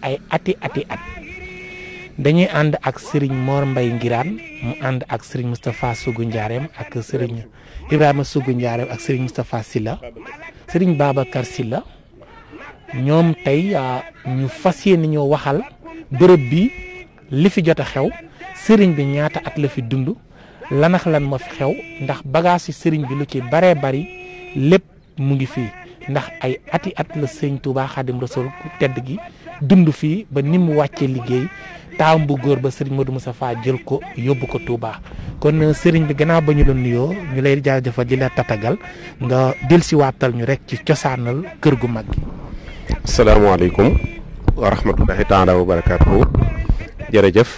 ay ati ati at dañuy ànd ak sëriñ Mor Mbaye Ngiraan mu ànd ak sëriñ Moustapha Sougou Ndiarème ak sëriñ Ibrahima Sougou Ndiarème ak Serigne Moustapha Silla Serigne Babacar Silla ñoom tey ah, ñu fas yéene ñoo waxal bërëb bi li fi jot a xew sëriñ bi ñaata at la fi dund lanax lan ma fi xew ndax bagage yi sëriñ bi lu ci baree bari lépp mu ngi fi ndax ay ati at la Serigne Touba Xadim Rasul tedd gi. dund fii ba ni mu wàccee liggéey taam bu góor ba sëriñ Serigne Modou Moustapha jël ko yóbbu ko Touba kon euh, Serigne bi gannaaw ba ñu la nuyoo ñu lay jaajëfal di la tatagal nga dellusiwaatal ñu rek ci cosaanal kër gu mag gi. salaamaaleykum wa rahmatulahi taala wa barakaatu jërëjëf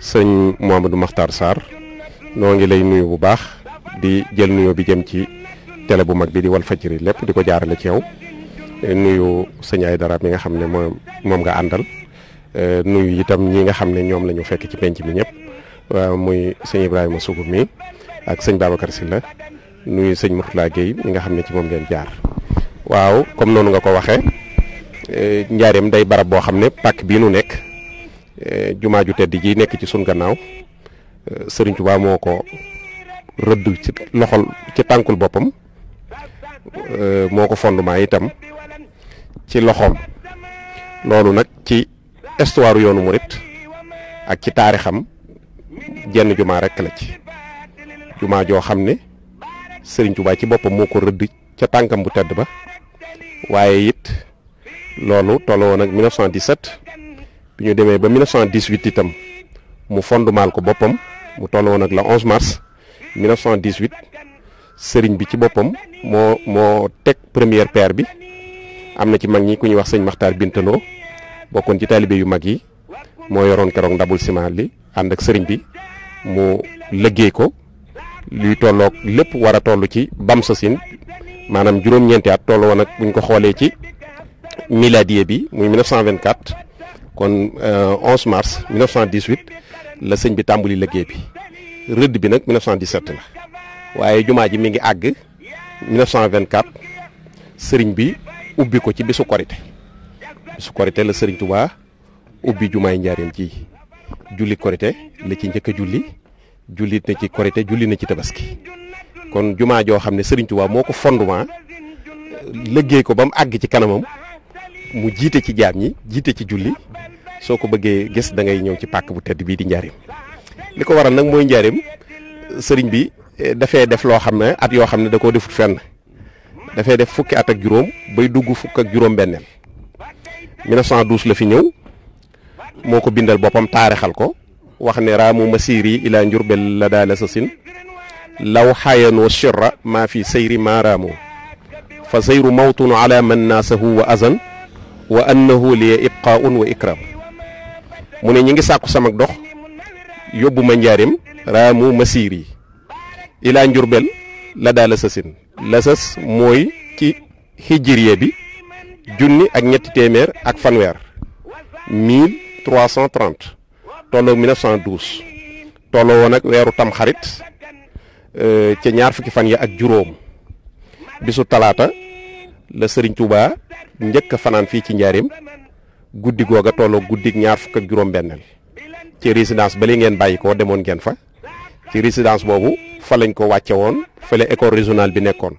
sëñ Mouhamadou Makhtar Sarr noo ngi lay nuyu bu baax di jël nuyoo bi jëm ci télé bu mag bi di Walfadjri lépp di ko jaarale ci yow. nuyu sëñ ay dara mi nga xam ne moom moom nga àndal euh, nuyu itam ñi nga xam ne ñoom la ñu fekk ci penc mi ñëpp muy sëñ Ibrahima Sougou mi ak sëñ Babacar Sylla nuyu sëñ Mourtala Guèye mi nga xam ne ci moom ngeen jaar. waaw comme noonu nga ko waxee euh, njaareem day barab boo xam ne pàkk bii nu nekk euh, jumaa ju tedd ji nekk ci sun gannaaw Serigne Touba moo ko rëdd ci loxol ci tànkul boppam moo ko fondement itam. ci loxoom loolu nag ci histoire yoonu murit ak ci taarixam jenn jumaa rekk la ci jumaa joo xam ne Sëriñ Tuubaa ci boppam moo ko rëdd ca tànkam bu tedd ba waaye it loolu tolloo nag 1917 bu ñu demee ba 1918 itam mu fondmaal ko boppam mu tolloo nag la 11 mars 1918 sëriñ bi ci boppam moo moo teg première pierre bi am na ci mag ñi ku ñuy wax sëñ Maxtaar Bintano bokkoon ci taalibe yu mag yi moo yoroon keroog ndabul ciment li ànd ak sëriñ bi mu liggéey ko luy tolloog lépp war a toll ci Bamsasine maanaam juróom-ñeenti at toll woon ak bu ko xoolee ci miladier bi muy 1924 kon 11 euh, mars 1918 la sëñ bi tàmbali liggéey bi rëdd bi nag 1917 la waaye jumaa ji mi ngi àgg 1924 sëriñ bi. ubbi ko ci bisu korite bisu korite la sëriñ Touba ubbi jumaay njaareem ji julli korite la ci njëkk a julli jullit na ci korite julli na ci tabaski kon jumaa joo xam ne sëriñ Touba moo ko fondement liggéey ko ba mu àgg ci kanamam mu jiite ci jaam ñi jiite ci julli soo ko bëggee gis da ngay ñëw ci pàkk bu tedd bii di njaareem li ko waral nag mooy njaareem sëriñ bi dafee def loo xam ne at yoo xam ne da koo defut fenn dafay def fukki at ak juróom bay dugg fukk ak juróom-benneel la fi ñëw moo ko bindal boppam taarixal ko wax ne raamu masiri ila njurbel la daala sa sin law xayanoo shirra maa fi sayri maa ne ñi ngi sàkku samak dox yóbbu ma njaarim raamu masiri ila njurbel la daala sa lasas mooy ci hijriya bi junni ak ñetti téeméer ak fanweer 1330 tolloo 1912 tolloo woon ak weeru tamxarit euh, ca ñaar fukki fan yi ak juróom bisu talaata la sëriñ Touba njëkk a fanaan fii ci njaarim guddi googa tolloo guddik ñaar fukk ak juróom benneel ci résidence ba li ngeen bàyyi ko demoon ngeen fa ci résidence boobu fa lañ ko wàcce woon fële école régionale bi nekkoon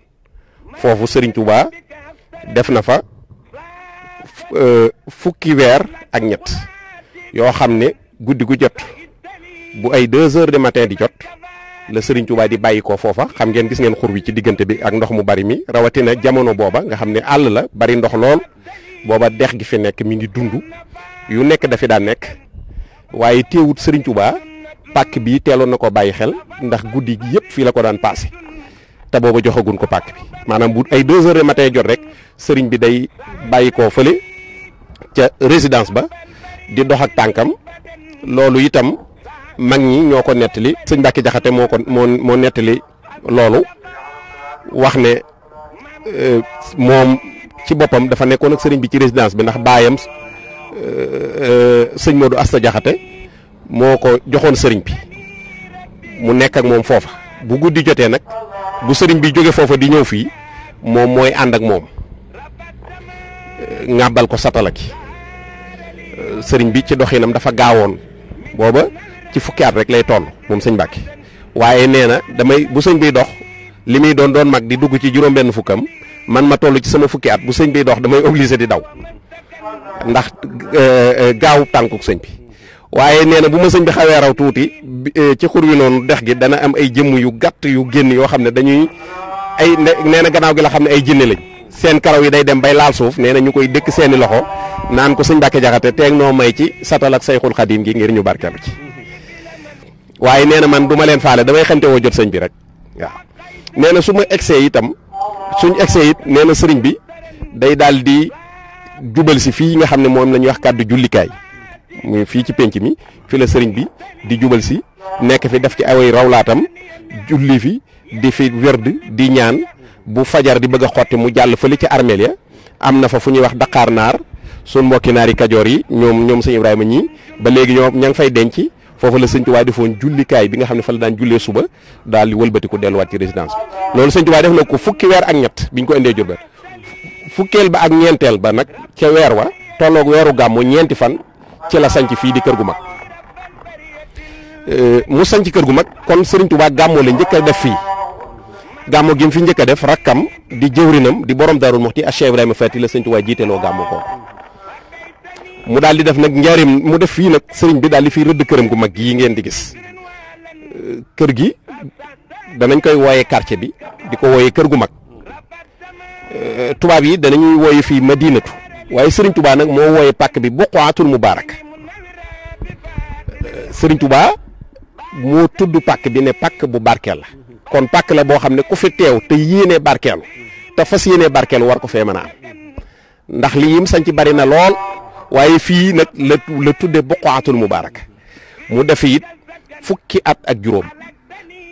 foofu Serigne def na fa euh, fukki weer ak ñett yoo xam ne guddi gu jot bu ay deux heures de matin di jot la Serigne Touba di bàyyi ko foofa xam ngeen gis ngeen xur wi ci diggante bi ak ndox mu bari mi rawatina jamono booba nga xam ne àll la bari ndox lool booba dex gi fi nekk mi ngi dund yu nekk dafi daan nekk waaye téewut Serigne pàkk bi teeloon na ko bàyyi xel ndax guddi gi yëpp fii la ko daan passé te booba joxagun ko pàkk bi maanaam bu ay deux heures du matin rek sëriñ bi day bàyyi koo fële ca résidence ba di dox ak tànkam loolu itam mag ñi ñoo ko nettali sëñ Mbàkke Jaxate moo ko moo moo nettali loolu wax ne euh, moom ci boppam dafa nekkoon ak sëriñ bi ci résidence bi ndax baayam euh, euh, sëñ Modou Asta Jaxate moo ko joxoon sëriñ bi mu nekk ak moom foofa bu guddi jotee nag bu sëriñ bi jóge foofa di ñëw fii moom mooy ànd ak moom ŋàbbal ko satala ki sëriñ bi ci doxinam dafa gaawoon booba ci fukki at rek lay toll moom sëñ Mbàkke waaye nee na damay bu sëñ biy dox li muy doon doon mag di dugg ci juróom-benn fukkam man ma toll ci sama fukki at bu sëñ biy dox damay obligé di daw ndax euh, euh, gaawu tànkuk sëñ bi waaye nee na bu ma sëñ bi xawee raw tuuti eh, ci xur wi noonu dex gi dana am ay jëmm yu gàtt yu génn yoo xam ne dañuy ay nee na gannaaw gi la xam ne ay jinne lañ seen karaw yi day dem bay laal suuf nee na ñu koy dëkk seeni loxo naan ko sëñ Mbàkke Jaxate teeg noo may ci satal ak sayxul xadiim gi ngir ñu barkeelu ci waaye nee na man du ma leen faale damay xamte woo jot sëñ bi rek waaw nee na su ma egsee itam suñ egsee it nee na sëriñ bi day daal di jubal si fii nga xam ne moom la ñuy wax kàddu jullikaay muy fii ci penc mi fi la sëriñ bi di jubal si nekk fi def ci away rawlaatam julli fi di fi werd di ñaan bu fajar di bëgg a xotti mu jàll fa fële ci armeel ya am na fa fu ñuy wax daqaar naar sun mbokki naari kajoor yi ñoom ñoom sëñ Ibrahima ñii ba léegi ñoom ña ngi fay denc foofu la sëñ Tuubaa defoon jullikaay bi nga xam ne fa la daan jullee suba daal di wëlbatiku delluwaat ci résidence bi loolu sëñ waa def nag ko fukki weer ak ñett bi biñ ko indee Jurbel fukkeel ba ak ñeenteel ba nag ca weer wa tolloog weeru gàmmu ñeenti fan ci la sanc fii di kër gu mag euh, mu sanc kër gu mag kon Serigne waa gàmmoo la njëkk a def fii gàmmo gi mu fi njëkk a def rakkam di jëwrinam di borom Daarul Muxti Cheikh Ibrahima Fati la Serigne Touba jiiteloo gàmmo ko mu daal di def nag njaarim mu def fii nag sëriñ bi daal di fii rëdd këram gu mag yi ngeen di gis euh, kër gi danañ koy wooyee quartier bi di ko wooyee kër gu mag euh, tubaab yi danañuy wooyee fii madinatu waaye Serigne Touba nag moo wooyee pàkk bi buqaatul mubaaraka Serigne Touba moo tudd pàkk bi ne pàkk bu barkeel la kon pàkk la boo xam ne ku fi teew te yéene barkeelu te fas yéenee barkeelu war ko fee mën a am ndax li yim ci bari na lool waaye fii nag la la tudde buqaatul mubaaraka mu def it fukki at ak juróom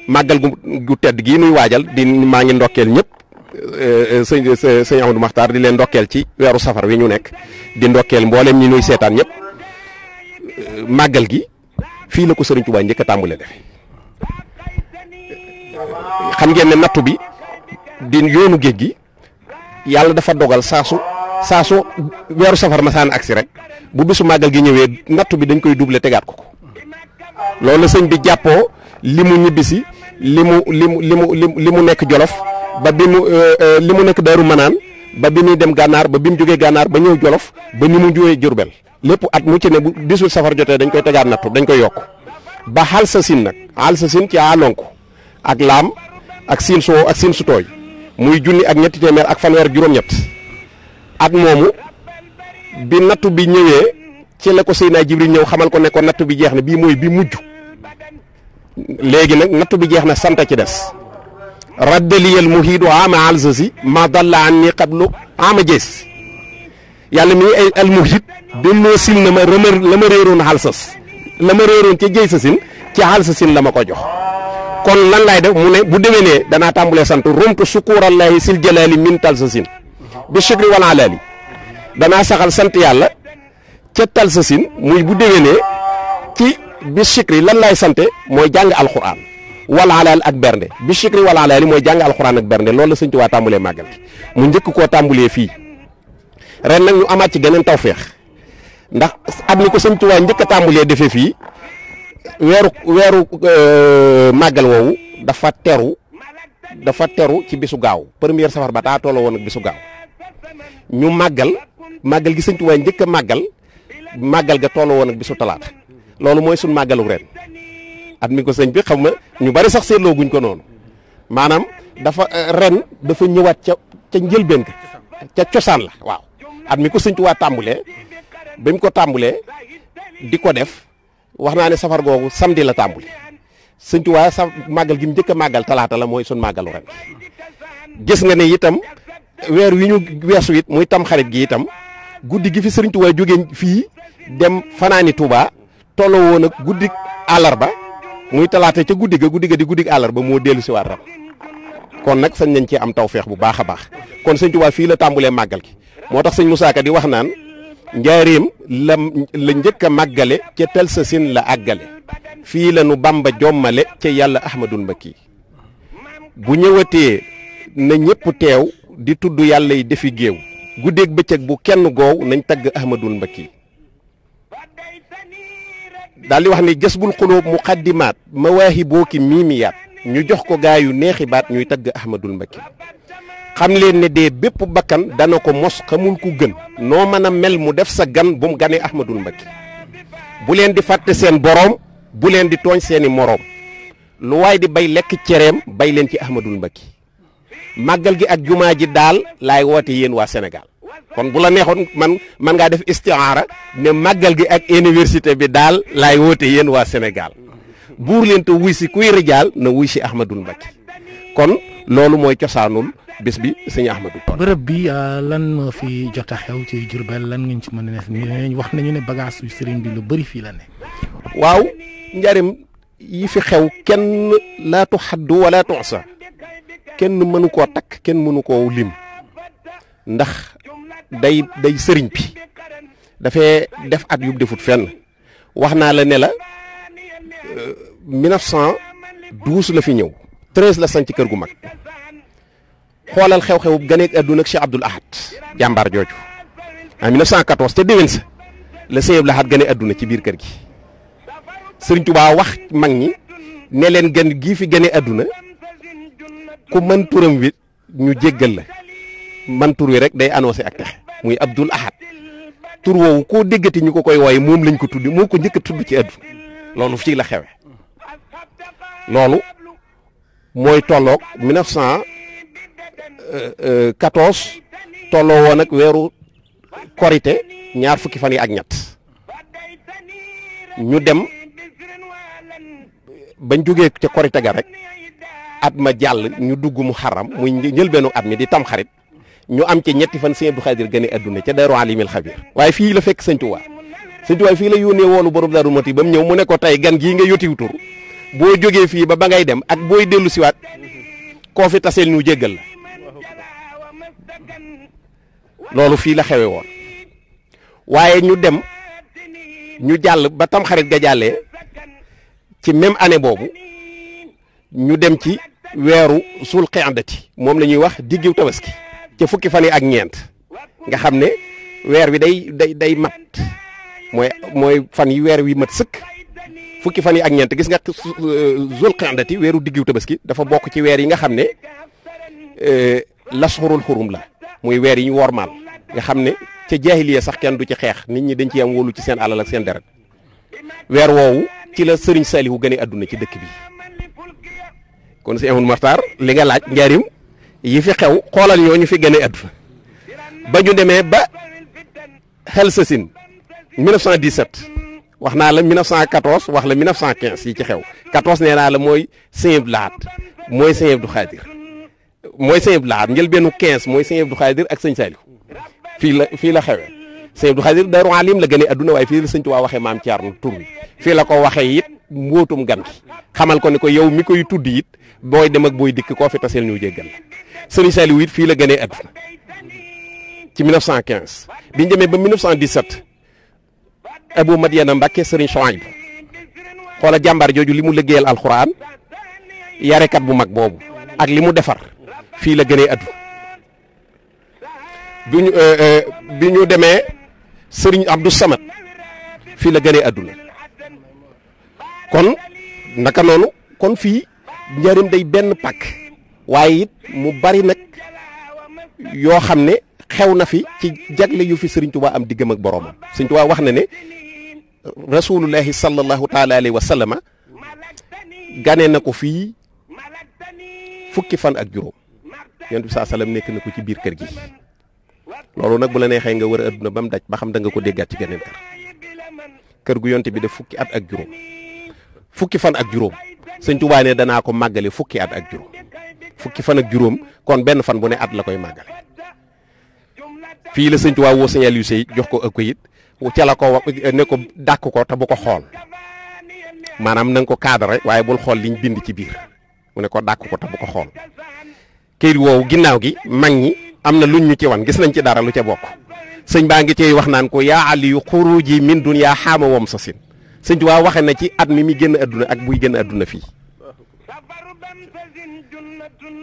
màggal gu tedd gii nuy waajal di maa ngi ndokkeel ñëpp. Eh, eh, sëñ eh, sëñ Amadou Maxtaar di leen ndokkeel ci weeru safar wi ñu nekk di ndokkeel mboolem ñi ñuy seetaan ñëpp màggal gi fii la ko sëriñ Tuubaa njëkk a tàmbale def xam ngeen ne nattu bi di yoonu géej gi yàlla dafa dogal saasu saasu weeru safar ma saan agsi rek bu bisu màggal gi ñëwee nattu bi dañ koy doublé tegaat ko ko loolu sëñ bi jàppoo li mu ñibbisi li mu li mu li mu li mu nekk jolof ba bi mu euh, euh, li mu nekk Daaru Manaan ba bi muy dem gànnaar ba bi mu jógee gànnaar ba ñëw jolof ba ni mu jógee Jurbel lépp at mu ci ne bu disul safar jotee dañ koy tegaat nattu dañ koy yokk ba xaal sa sin nag xaal sa sin ci alonk ak laam ak siin soo ak siin su tooy muy junni ak ñetti téeméer ak fanweer juróom-ñett at moomu bi nattu bi ñëwee ci la ko Seydina Jibril ñëw xamal ko ne nattu bi jeex na bii mooy bi mujj léegi nag nattu bi jeex na sant ci des raddaliyal muhiidu ama alsasi ma dalla an ni qablu ama jees yàlla mi ay al muhiid delloo sil na ma rëmër la ma réeroon xalsas la ma réeroon ca jëy sasin ci xalsasin la ma ko jox kon lan laay def mu ne bu déwénee danaa tàmbalee sant rumtu sukuurallahi sil jalaali min talsasin bi shukri wal alaali danaa saxal sant yàlla ca talsasin muy bu déwénee ci bi lan laay sante mooy jàng alxuraan walaalaal ak bernde bi chikri walaalaali mooy jàngal alxuraan ak bernde loolu la sëñ Tuubaa tàmbulee màggal mu njëkk koo tàmbulee fii ren nag ñu amaat ci geneen tawféex ndax at mi ko sëñ njëkk a tàmbulee defee fii weeru weeru euh, màggal woowu dafa teru dafa teru ci bisu gaaw première safar ba taa tolloo woon ak bisu gaaw ñu màggal màggal gi sëñ Tuubaa njëkk a màggal màggal ga toola woon ak bisu talaata loolu mooy suñ màggalu ren at mi ko sëñ bi xam ma ñu bari sax seetloo guñ ko noonu maanaam dafa eh, ren dafa ñëwaat ca ca njëlbeen ka ca cosaan la waaw at mi ko sëñ tàmbule tàmbulee ba mu ko tàmbulee di ko def wax naa ne safar googu samedi la tàmbule sëñ sa màggal gi mu njëkk a màggal talaata la mooy sun màggalu ren gis nga ne itam weer wi ñu weesu it muy tam xarit gi itam guddi gi fi sëriñ Tuubaa jóge fii dem fanaani Tuubaa tolloo woon ak guddi àllarba muy talaata ca guddi ga guddi ga di guddi àllarba moo dellu si kon nag sañ nañ cee am tawfeex bu baax a baax kon sëñ Tuubaa fii la tàmbulee màggal gi moo tax sëñ musaaka di wax naan njaareem la la njëkk a màggale ca tel sa sin la àggale fii lanu nu Bàmba jommale ca yàlla Ahmadul Mbakki bu ñëwatee na ñëpp teew di tudd yàllay defi géew guddeeg bëccëg bu kenn goow nañ tagg Ahmadul Mbakki daal di wax ni jasbul xulóob muqaddimaat mawaahiboo ki miimiyaat ñu jox ko gaa yu neexi baat ñuy tëgg ahmadul mbakki xam leen ne dee bépp bakkan dana ko mos xamul ku gën noo mën a mel mu def sa gan bu gane ganee ahmadul mbakki bu leen di fàtte seen boroom bu leen di tooñ seeni moroom lu waay di bay lekk cereem bay leen ci ahmadul mbakki màggal gi ak jumaa ji daal laay woote yéen waa Sénégal kon bu la neexoon man man ngaa def istiaara ne màggal gi ak université bi daal laay woote yéen waa Sénégal buur leen te wuy si kuy rijaal na wuy si Ahmadul Mbacké kon loolu mooy cosaanul bés bi sëñ Ahmadou. bërëb bi euh, lan moo fi jot a xew ci Jurbel lan nga ñu ci mën a def wax nañu ne bagage yu sëriñ bi lu bëri fii la ne. waaw njarim yi fi xew kenn laatu xaddu wala tuusa kenn mënu koo takk kenn mënu koo lim ndax day day sëriñ bi dafay def at yu defut fenn wax naa la ne la 1912 euh, la fi ñëw 13 la sañ ci kër gu mag xoolal xew-xew ganeeg àdduna ak Cheikh Abdoul jàmbaar jooju en 1914 te déwén sa la Cheikh Abdoul Ahad gane àdduna ci biir kër gi sëriñ Tuubaa wax mag ñi ne leen gan gii fi gane àdduna ku mën turam wi ñu jéggal la man tur wi rek day annoncé ak texe muy Abdul Ahad tur woowu koo déggati ñu ko koy wooye moom lañ ko tuddi moo ko njëkk a tudd ci addu loolu fii la xewe loolu mooy tolloog 1914 tolloo woon ak weeru korite ñaar fukki fan yi ak ñett ñu dem bañ jógee ca korite ga rek at ma jàll ñu dugg mu xaram muy njëlbeenu at mi di tam xarit ñu am ca ñetti fan sëñ Abdou Khadir gane adduna ca Daaru Alimil Xabir waaye fii la fekk sëñ Tuubaa sëñ Tuubaa fii la yónnee woolu borom Daaru Moti ba mu ñëw mu ne ko tey gan gii nga yotiw tur boo jógee fii ba ba ngay dem ak booy dellu siwaat koo fi taseel ñu jéggal la loolu fii la xewe woon waaye ñu dem ñu jàll ba tamxarit ga jàllee ci même année boobu ñu dem ci weeru suul xiyandati moom la ñuy wax diggiw tabaski ca fukki fan yi ak ñeent nga xam ne weer wi day day day mat mooy mooy fan yi weer wi mat sëkk fukki fan yi ak ñeent gis nga euh, zul qandati weeru diggu tabaski dafa bokk ci weer yi nga xam ne euh, lasxurul xurum la muy weer yi ñu wormaal nga xam ne ca jaahiliya sax kenn du ci xeex nit ñi dañ ci am wóolu ci seen alal ak seen deret weer woowu ci la sëriñ Saalihu gane àdduna ci dëkk bi kon si amoon Maxtaar li nga laaj njaarim yi fi xew xoolal ñoo ñu fi gën a àdduna ba ñu demee ba xel Helsinki 1917 wax naa la 1914 wax la 1915 yi ci xew 14 nee naa la mooy Sëñ Abdu Lahat mooy Sëñ Abdu Xaadir mooy Sëñ Abdu Lahat njëlbeenu 15 mooy Sëñ Abdu Xaadir ak Sëñ Saaliw fii la fii la xewee Sëñ Abdu Xaadir Daaru Alim la gën a àdduna waaye fii la Sëñ Tuubaa waxee maam Thierno tur bi fii la ko waxee it mbootum gan gi xamal ko ni ko yow mi koy tudd it booy dem ak booy dikk koo fi taseel ñu jéggal Serigne Saliou it fii la gënee àdduna ci biñ demee ba 1917 Abou Madiana Mbacke Serigne Chouaib xoola jàmbaar jooju li mu liggéeyal alxuraan yarekat bu mag boobu ak li mu defar fii la gënee àdduna bi ñu euh, euh, demee Serigne Abdou Samad fii la gënee àdduna kon naka noonu kon fii njëriñ day benn pakk waaye it mu bari nag yoo xam ne xew na fi ci jagle yu fi Sëriñ Tuubaa am diggam ak boroomam Sëriñ Tuubaa wax na ne rasulullahi sallallahu taala alayhi wa sallama gane na ko fii fukki fan ak juróom yonent bi saa sallam nekk na ko ci biir kër gi loolu nag bu la neexee nga wër adduna ba mu daj ba xam da nga ko déggaat ci geneen kër kër gu yonent bi def fukki at ak juróom fukki fan ak juróom Sëriñ Tuubaa ne danaa ko màggale fukki at ak juróom fukki fan ak juróom kon benn fan bu ne at la koy màggale fii la sëñ Tuubaa woo sëñ Aliou jox ko ak kayit ca la ko wax ne ko dàkk ko te bu ko xool maanaam na ko cadré waaye bul xool liñ bind ci biir mu ne ko dàkk bu ko xool kayit woowu ginnaaw gi mag ñi am na luñ ñu ci wan gis nañ ci dara lu cee bokk sëñ baa ngi cey wax naan ko yaa aliyu xuruji min dun yaa xaama wom sa sin sëñ Tuubaa waxe na ci at mi muy génn adduna ak buy génn adduna fii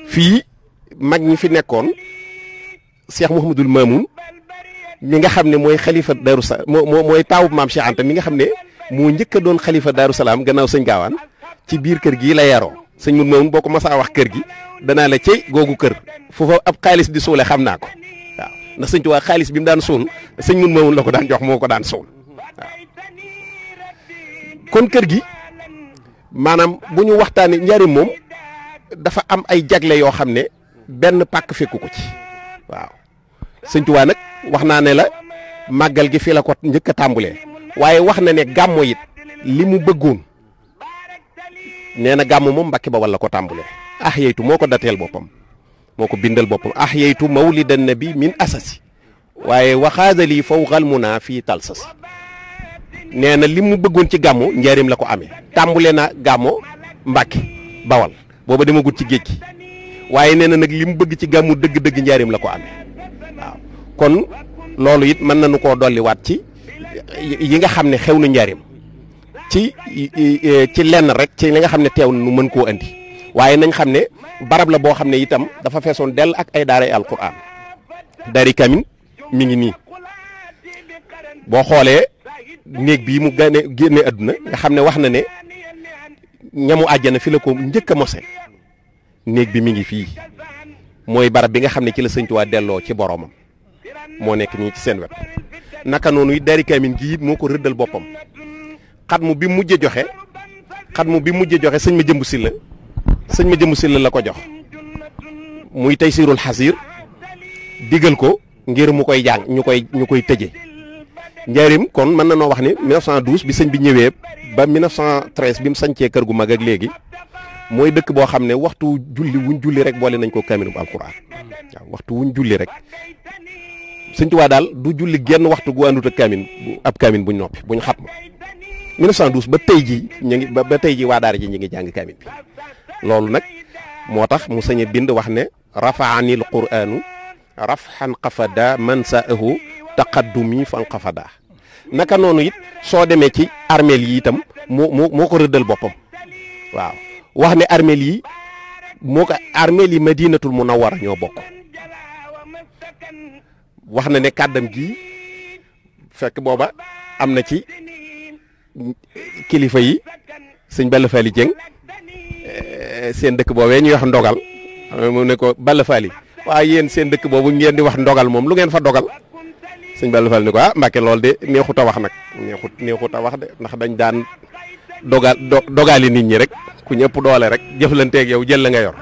fii mag ñi fi nekkoon Cheikh Mouhamadul Mamoun mi nga xam ne mooy xalifa Daaru Salaam moo mooy taawub maam Cheikh mi nga xam ne moo njëkk a doon xalifa Daaru gannaaw sëñ gaawaan ci biir kër gii la yaroo sëñ Mouhamadul Mamoun boo ko masaa wax kër gi danaa la cey googu kër foofa ab xaalis di suule xam naa ko waaw ndax sëñ Tuubaa xaalis bi mu daan suul sëñ Mouhamadul Mamoun la ko daan jox moo ko daan suul waaw kon kër gi maanaam bu ñu waxtaanee njariñ moom. dafa am ay jagle yoo xam ne benn pàkk fekku ko ci waaw sëñ Tuubaa nag wax naa ne la màggal gi fii la ko njëkk a waaye wax na ne gàmmu it li mu bëggoon nee na gàmmu moom Mbàkke Bawal la ko tàmbulee ah yeytu moo ko dateel boppam moo ko bindal boppam ah yeytu mawlidan bi min asasi waaye waxaadali fawqal naa fii talsasi nee na li mu bëggoon ci gàmmu njaarim la ko amee tàmbule na gàmmu Mbàkke Bawal booba demagut ci géej gi waaye nee na nag li mu bëgg ci gàmmu dëgg-dëgg njaarim la ko amee kon loolu it mën nañu koo dolliwaat ci yi nga xam ne xew na njaarim ci e, ci lenn rek ci li nga xam ne teew na nu mën koo indi waaye nañ xam ne barab la boo xam ne itam dafa feesoon dell ak ay daaray alquran dari kamin mu ngi nii boo xoolee néeg bi mu gane génne adduna nga xam ne wax na ne ñamu àjjana fi la ko njëkk a mose néeg bi mi ngi fii mooy barab bi nga xam ne ci la sëñ delloo ci boroomam moo nekk ñi ci seen wet naka noonu it daari kaamin gi it moo ko rëddal boppam xat mu bi mujj joxe xat mu bi mujj joxe sëñ ma jëmb si la sëñ ma jëmb si la la ko jox muy tey siirul xasiir digal ko ngir mu koy jàng ñu koy ñu koy tëje njaarim kon mën na noo wax ni 1912 bi sëñ bi ñëwee ba 1913 bi mu sañcee kër gu mag ak léegi mooy dëkk boo xam ne waxtu julli wuñ julli rek boole nañ ko kaamilum alxuraan waaw waxtu wuñ julli rek sëñ waa daal du julli genn waxtu gu àndut ak kaamin ab kaamin buñ noppi buñ xatma 1912 ba tey ji ñu ngi ba tey ji waa daara ji ñu ngi jàng kaamin bi loolu nag moo tax mu sañ bind wax ne rafaanil quraanu rafxan xafada man saahu taqaddumi fan xafada naka noonu it soo demee ci armeel yi itam moo moo moo ko rëddal boppam waaw wax ne armeel yi moo ko armeel yi madinatul munawwara ñoo bokk wax na ne kàddam gi fekk booba am na ci kilifa yi sëñ Balla Fally Dieng eh, seen dëkk boobee ñuy wax ndogal mu ne ko Balla Fally waaw yéen seen dëkk boobu ngeen di wax ndogal moom lu ngeen fa dogal sëñ Balla Fall ni ko ah Mbàkke loolu de neexut a wax nag neexut neexut a wax de ndax dañ daan dogal dogali nit ñi rek ku ñëpp doole rek jëflanteeg yow jël la nga yor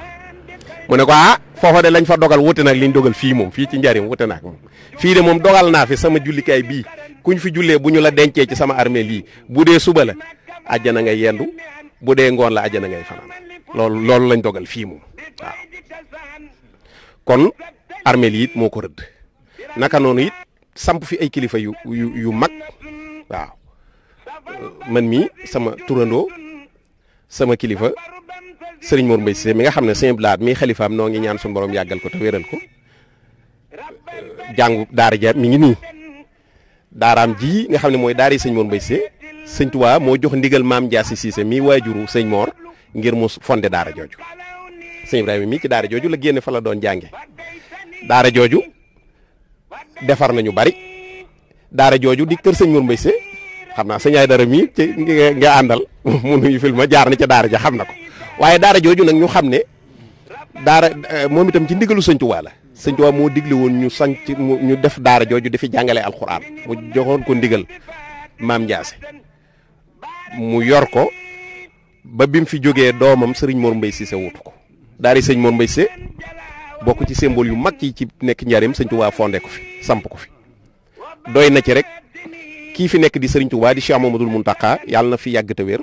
mu ne ko ah foofa de lañ fa dogal wute nag liñ dogal fii moom fii ci njariñ wute naag moom fii de moom dogal naa fi sama jullikaay bii kuñ fi jullee bu ñu la dencee ci sama armeel lii bu dee suba la ajjana ngay yendu bu dee ngoon la ajjana ngay fanaan loolu loolu lañ dogal fii moom kon armée lii moo ko rëdd naka noonu it samp fi ay kilifa yu yu yu mag waaw euh, man mii sama turandoo sama kilifa sëriñ Mor Mbaye Cissé mi nga xam ne Sëñ Blaat mii xalifaam noo ngi ñaan suñu borom yàggal ko te wéral ko euh, jàngu daara ja mi ngi nii daaraam ji nga xam ne mooy daari Sëñ Mor Mbaye Cissé moo jox ndigal maam Jaasi Cissé mii waajuru Sëñ ngir mu fondé daara jooju Sëñ Ibrahima mii ci daara jooju la génne fa la doon jànge daara jooju. defar nañu bari daara jooju di kër sëñ Mour mbay see xam naa sëñ ay dara mii ci nga àndal mu nuyu filma jaar na ca daara ja xam na ko waaye daara jooju nag ñu xam ne daara euh, moom itam ci ndigalu sëñ Tuubaa la sëñ Tuubaa moo digle woon ñu sanc ñu def daara jooju di fi jàngale alxuraan mu joxoon ko ndigal maam Ndiaase mu yor ko ba bi mu fi jógee doomam sëriñ Mor Mbaye Cissé wutu ko daari sëñ Mor Mbaye Cissé bokk ci symbole yu mag yi ci nekk njaareem sëñ Tuubaa fondé ko fi samp ko fi doy na ci rek kii fi nekk di sëriñ Tuubaa di Cheikh Mamadul Muntaqa yàlla na fi yàgg te wér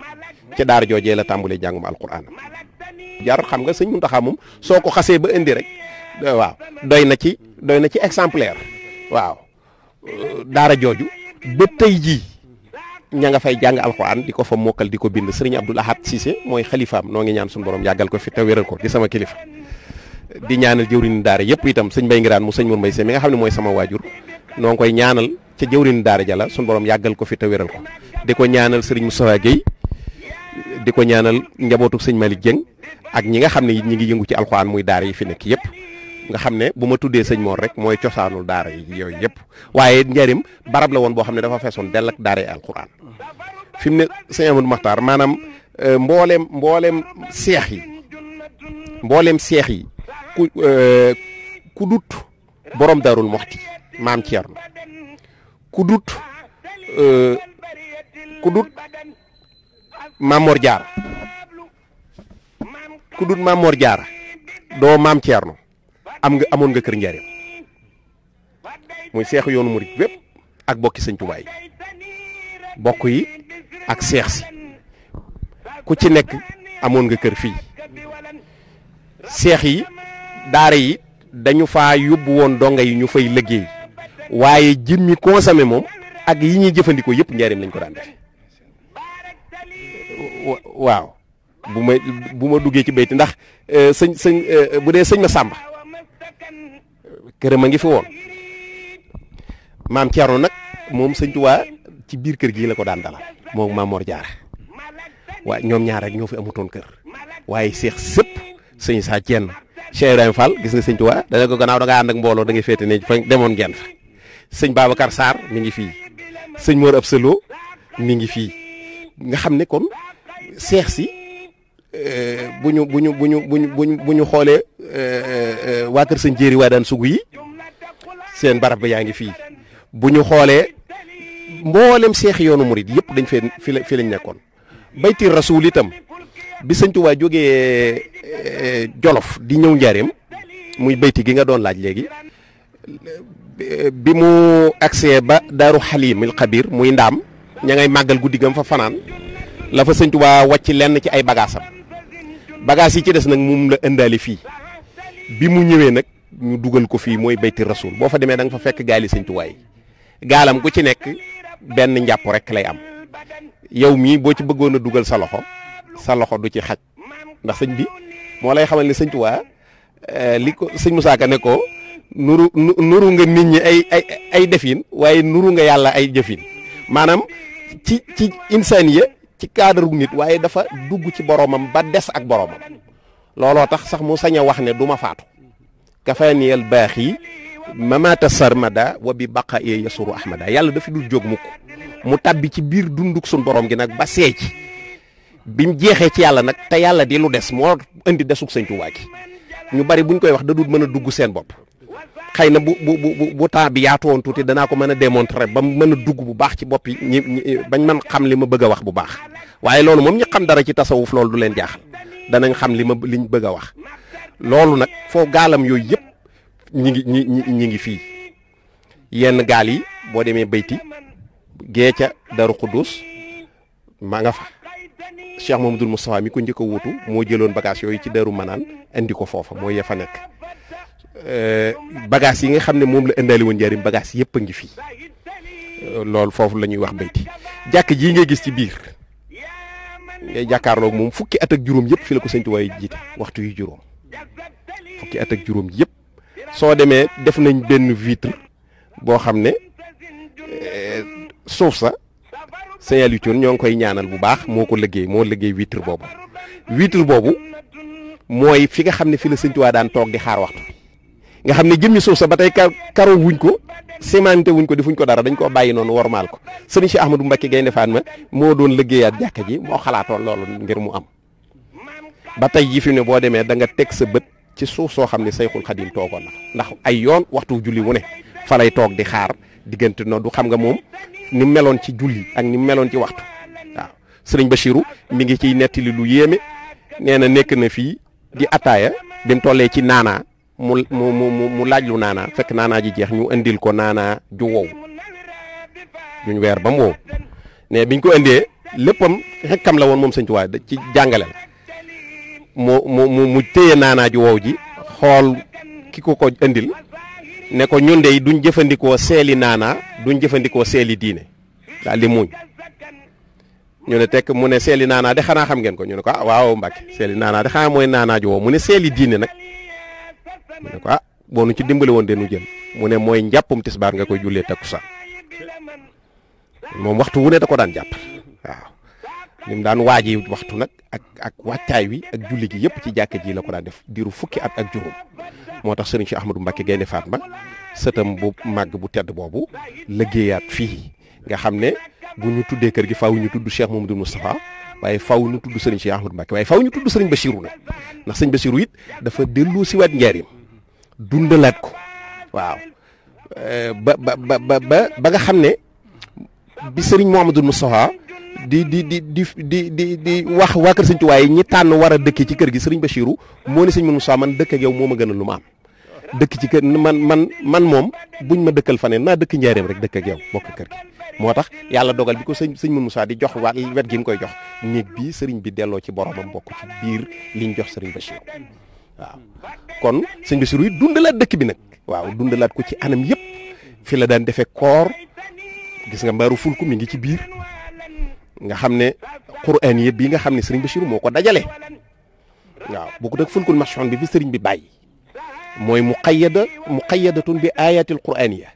ca daara joojee la tàmbalee jàngum alquran jar xam nga sëñ Muntaqa moom soo ko xasee ba indi rek eh, waaw doy na ci doy na ci exemplaire waaw eh, daara jooju ba tey jii ña nga fay jàng alxuraan di ko fa mokkal di ko bind sëriñ Abdul Ahad Cissé mooy xalifaam noo ngi ñaan suñu borom yàggal ko fi te wéral sama kilifa di ñaanal jëwriñu daara yëpp itam sëñ Mbay Ngiraan mu sëñ Mor Mbay Seen mi nga xam ne mooy sama waajur noo ngi koy ñaanal ca jëwriñu daara jala suñu borom yàggal ko fi te wéral ko di ko ñaanal sëriñ Moustapha Guèye di ko ñaanal njabootu sëñ Malick Dieng ak ñi nga xam ne ñi ngi yëngu ci alxuraan muy daara yi fi nekk yëpp nga xam ne bu ma tuddee sëñ Mor rek mooy cosaanul daara yi yooyu yëpp waaye njëriñ barab la woon boo xam ne dafa feesoon dell ak daara yi fi mu ne sëñ Amadou maanaam euh, mbooleem mbooleem seex yi mbooleem seex yi ku eh, ku borom darul moxti maam Thierno ku dut eh, ku dut maam Mor Diarra ku dut maam Mor Diarra doo maam Thierno am nga amoon nga kër njariñ muy seexu yoonu murit bépp ak bokki sëñ Tuubaa yi bokk yi ak seex si ku ci nekk amoon nga kër fii seex yi daara yi dañu fa yóbbu woon donga yi ñu fay liggéey waaye jëmmi consommé moom ak yi ñuy jëfandikoo yëpp njaareem lañ ko daan defe waaw bu ma bu ma duggee ci bayti ndax euh, sëñ sëñ euh, bu dee sëñ ma sàmba këram a ngi fi woon maam Thierno nag moom sëñ Tuubaa ci biir kër gii la ko daan dalal moom maam Mor Jaara ñoom ñaar rek ñoo fi amutoon kër waaye seex sëpp sëñ saa ceen Cheikh Ibrahima Fall gis nga sëñ Tuubaa dana ak mbooloo da ngay féete ne fa demoon ngeen fa sëñ Babacar ngi fii sëñ Mor Absa Lo mi ngi fii nga xam ne kon seex si euh, bu ñu bu bu ñu bu ñu bu ñu xoolee euh, euh, waa kër sëñ Jéeri waa daan sugu seen barab ba yaa ngi fii bu ñu xoolee mboolem seex yoonu murid yëpp dañ fee fi lañ nekkoon bayti rasuul itam bi sëñ jógee eh, eh, Jolof di ñëw njaareem muy bayti gi nga doon laaj léegi bi mu agsee ba daaru xalimil xabir muy ndaam ña ngay màggal guddi gam fa fanaan la fa sëñ Tuubaa wàcc lenn ci ay bagaasam bagaas yi ci des nag moom la ëndaale fii bi mu ñëwee nag ñu dugal ko fii mooy bayti rasul boo fa demee da nga fa fekk gaali sëñ yi gaalam gu ci nekk benn njàpp rek lay am yow mii boo ci bëggoon a dugal sa loxo sa loxo du ci xaj ndax sëñ bi moo lay xamal ni sëñ Tuubaa eh, li ko sëñ Musaa Ka ne ko nuru nuru nga nit ñi ay ay ay defin waaye nuru nga yàlla ay jëfin maanaam ci ci insaaniya ci cadre nit waaye dafa dugg ci boromam ba des ak boromam looloo tax sax mu sañ wax ne du ma faatu kafaaniyal baax yi mamata sarmada wa bi baqa suuru yasuru ahmada yàlla dafa dul jóg mukk mu tabbi ci biir dunduk suñ borom gi nag ba seeci bi mu jeexee ci yàlla nag te yàlla di lu des moo indi desug sëñ Tuubaa gi ñu bari buñ koy wax da mën a dugg seen bopp xëy na bu bu bu bu temps bi yaatu woon tuuti danaa ko mën a démontrer ba mu mën a dugg bu baax ci bopp yi ñi bañ mën xam li ma bëgg a wax bu baax waaye loolu moom ñi xam dara ci tasawuf loolu du leen jaaxal danañ xam li ma liñ bëgg a wax loolu nag foo gaalam yooyu yëpp ñi ngi ñi ñi ngi fii yenn gaal yi boo demee bayti gee ca Daru Xuddus maa nga fa Cheikh Mamadou Moustapha mi ko njëkk a wuutu moo jëloon bagage yooyu ci Daaru Manaan indi ko foofa mooy ya fa nekk euh, bagage yi nga xam ne moom la indaale woon njëriñ bagage yëpp a ngi fi euh, loolu foofu la ñuy wax bayti jàkk jii ngay gis ci biir ngay jàkkaarloog moom fukki at ak juróom yëpp fi la ko sëñ Tuubaa jiite waxtu yu juróom fukki at ak juróom yëpp soo demee def nañ benn vitre boo xam ne euh, suuf sa sëñ Aliou ñoo ngi koy ñaanal bu baax moo ko liggéey moo liggéey vitre boobu vitre boobu mooy fi nga xam ne fi la sëñ Tuubaa daan toog di xaar waxtu nga xam ne jëmmi suuf sa ba tey karo wuñ ko sémanté wuñ ko defuñ ko dara dañ koo bàyyi noonu wormaal ko sëriñ si mbakki Mbacké Gaynde ma moo doon liggéeyaat jàkka ji moo xalaatoon loolu ngir mu am ba tey ji fi mu ne boo demee da nga teg sa bët ci suuf soo xam ne Sayxul Xadim toogoon na ndax ay yoon waxtu julli wu ne fa lay toog di xaar diggante noonu xam nga moom ni meloon ci julli ak ni meloon ci waxtu waaw sëriñ Bachirou mi ngi ciy nettali lu yéeme nee na nekk na fii di ataaya bi mu tollee ci naanaa mu mu mu lu naanaa fekk naanaa ji jeex ñu indil ko naanaa ju wow juñ weer ba mu wow ne biñ ko indee léppam xekkam la woon moom sëñ Tuubaa ci jàngale la mu mu mu téye naanaa ju wow ji xool ki ko ko indil ne ko ñun de duñ jëfandikoo seeli naana duñ jëfandikoo seeli diine daal di muñ ñu ne tekk mu ne seeli naanaa de xanaa xam ngeen ko ñu ne ko ah waaw Mbàkke seeli naanaa de xanaa mooy naanaa ji woo mu ne seeli diine nag mu ne ko ah boo ci dimbali woon de nu jël mu ne mooy njàppum tisbaar nga koy jullee takkusaan moom waxtu wu ne da ko daan jàpp li mu daan waajee waxtu nag ak ak wàccaay wi ak julli ji yëpp ci jàkka ji la ko daan def diiru fukki at ak juróom moo tax sëriñ Cheikh Ahmadou Mbacké Gaynde Fatma sëtam bu màgg bu tedd boobu liggéeyaat fii nga xam ne bu ñu tuddee kër gi faw ñu tudd Cheikh Mamadou Moustapha waaye faw ñu tudd sëriñ Cheikh Ahmadou Mbacké waaye faw ñu tudd sëriñ Bachirou nag ndax sëriñ Bachirou it dafa delloo si waat njaarim dundalaat ko waaw eh, ba ba ba ba ba nga xam ne bi sëriñ Mouhamadou Moustapha di di di di di di di wax waa kër sëñ Tuubaa yi ñi tànn war a dëkk ci kër gi sëriñ Bachirou moo ne sëñ Moussa man dëkk ak yow moo ma gënal lu ma am dëkk ci kër man man man moom buñ ma dëkkal fa faneen naa dëkk njaareem rek dëkk ak yow kër gi moo tax yàlla dogal bi ko sëñ sëñ Moussa di jox waa wet gi mu koy jox néeg bi sëriñ bi delloo ci boromam bokk ci biir liñ jox sëriñ Bachirou waaw kon sëñ Bachirou yi dundalaat dëkk bi nag waaw dundalaat ko ci anam yëpp fi la daan defee koor gis nga mbaaru fulku mi ngi ci biir nga xam ne quraan yëpp bi nga xam ne sëriñ Bachir moo ko dajale waaw bokkut ak fulkul mashhun bi fi sëriñ bi bàyyi mooy muqayyada muqayyadatun bi ayatil quraaniyya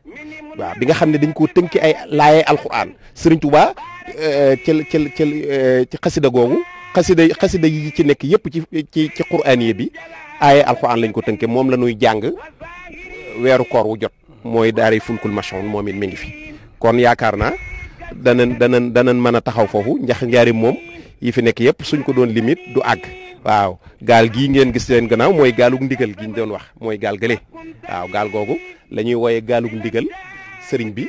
waaw bi nga xam ne dañ koo tënki ay laayee alquran sëriñ Tuubaa euh, ci ci ci euh, ci xasida googu xasida xasida yi ci nekk yëpp ci ci ci quraaniyya bi aayee alquran lañ ko tënke moom la ñuy jàng euh, weeru koor wu jot mooy daaray fulkul mashhun moom it mi ngi fi kon yaakaar naa danañ danañ danañ mën a taxaw foofu ndax njaarim moom yi fi nekk yëpp suñ ko doon limite du àgg waaw gaal gii ngeen gis seen gannaaw mooy gaalug ndigal gi ñu doon wax mooy gaal gële waaw gaal googu la ñuy wooyee gaalug ndigal sëriñ bi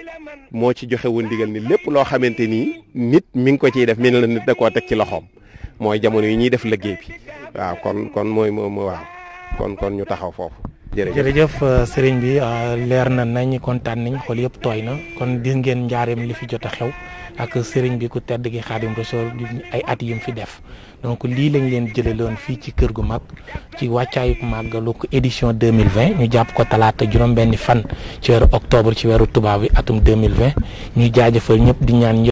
moo ci joxe woon ndigal ni lépp loo xamante ni nit mi ngi ko ciy def mi la nit da koo teg ci loxoom mooy jamono yi ñuy def liggéey bi waaw kon kon mooy moom waaw kon kon ñu taxaw foofu jërëjëf jërëjëf euh, sëriñ bi euh, leer na nañ kontaan nañ xool yëpp tooy na kon gis ngeen njaareem li fi jot a xew ak sëriñ bi ku tedd gi Xaadim Rasuul ay at yi fi def donc lii lañ leen loon fii ci kër gu mag ci wàccaayu màggalu ko édition 2020 ñu jàpp ko talaata juróom-benni fan ci weeru octobre ci weeru tubaab bi atum 2020 ñuy jaajëfal ñëpp di ñaan